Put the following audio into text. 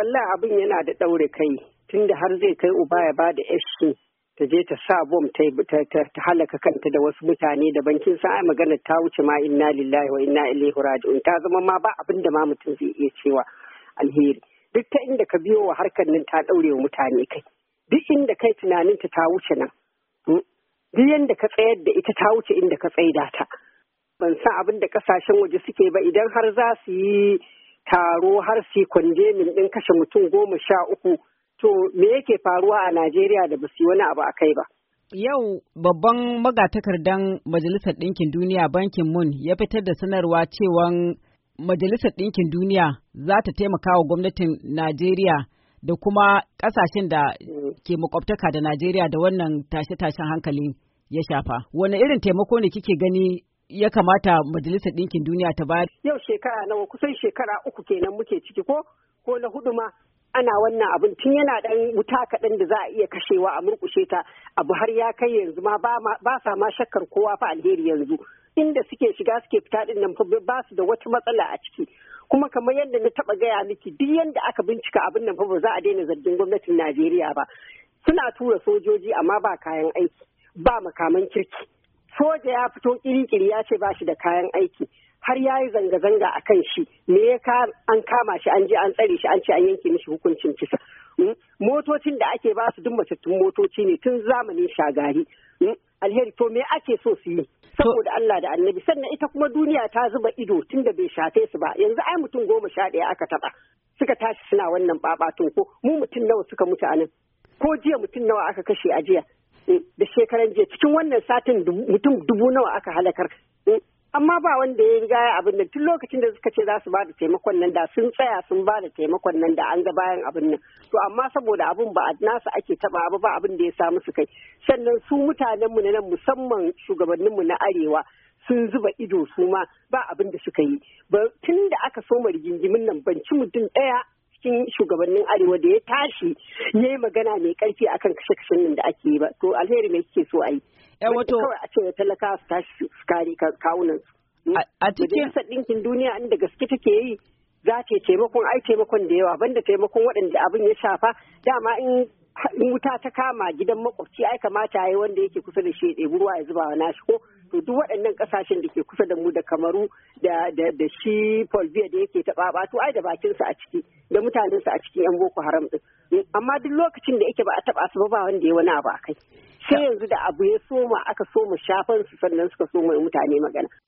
wallah abin yana da ɗaure kai tunda har zai kai uba ya ba da yashi ta je ta sa bom ta halaka kanta da wasu mutane da bankin sa ai magana ta wuce ma inna lillahi wa inna ilaihi raji'un ta zama ma ba abin da ma mutum zai iya cewa alheri duk ta inda ka biyo wa harkar nan ta ɗaure wa mutane kai duk inda kai tunanin ta ta wuce nan hmm? duk yanda ka tsayar da ita ta wuce inda ka tsaida ta ban san abin da kasashen waje suke ba idan har za su yi taro har si min ɗin kashe mutum goma sha uku to me yake faruwa a Najeriya da basu wani abu a kai ba. Yau babban magatakardan Majalisar Ɗinkin Duniya Bankin Mun ya fitar da sanarwa cewa Majalisar Ɗinkin Duniya za ta taimaka wa gwamnatin Najeriya da kuma ƙasashen da mm. ke makwabtaka da Najeriya da wannan tashe-tashen hankali ya shafa. Wane irin taimako ne kike gani ya kamata majalisar ɗinkin duniya ta bayar. Yau shekara nawa kusan shekara uku kenan muke ciki ko ko na hudu ma ana wannan abin tun yana ɗan wuta kaɗan da za a iya kashewa a murkushe ta abu har ya kai yanzu ma ba sa ma shakkar kowa fa alheri yanzu inda suke shiga suke fita ɗin nan ba su da wata matsala a ciki kuma kamar yadda na taɓa gaya miki duk yadda aka bincika abin nan fa ba za a daina zargin gwamnatin Najeriya ba suna tura sojoji amma ba kayan aiki ba makaman kirki soja ya fito kirikiri ya ce ba shi da kayan aiki har ya yi zanga-zanga a kan shi me ya an kama shi an je an tsare shi an ce an yanke mishi hukuncin kisa hmm? motocin da ake ba su duk matattun motoci ne tun zamanin shagari hmm? alheri to me ake so su yi saboda Allah da annabi sannan ita kuma duniya ta zuba ido tun da bai shafe su ba yanzu ai mutum goma sha ɗaya aka taɓa suka tashi suna wannan babatun ko mu mutum nawa suka mutu a ko jiya mutum nawa aka kashe a jiya da shekaran jiya cikin wannan satin mutum dubu nawa aka halakar eh, amma ba wanda ya riga abin nan tun lokacin da suka ce za su ba da taimakon nan da sun tsaya sun ba da taimakon nan da an ga bayan abin nan to amma saboda abin ba a nasa ake taba ba ba abin da ya samu su kai sannan su mutanen mu na nan musamman shugabannin mu na arewa sun zuba ido su ma ba abin da suka yi tun da aka soma rigingimin nan ban ci mutum ɗaya cikin shugabannin arewa da ya tashi ne magana mai karfi akan kashe-kashen nan da ake yi ba to alheri mai kike so ayi yi eh, kawai a ce talakawa su tashi su kare kawunan su hmm? a cikin ɗinkin duniya inda gaske take yi za ta taimakon ai taimakon da yawa banda taimakon waɗanda abin ya shafa dama in in wuta ta kama gidan makwabci ai kamata yayi wanda yake kusa da shi ya ɗebi ruwa ya zuba wa nashi ko to duk waɗannan ƙasashen da ke kusa da mu da kamaru da shi polvia da yake taɓa to ai da bakinsa a ciki da mutanen su a cikin yan boko haram din amma duk lokacin da yake ba a taba su ba ba wanda ya wani abu akai sai yanzu da abu ya soma aka soma shafan su sannan suka soma mutane magana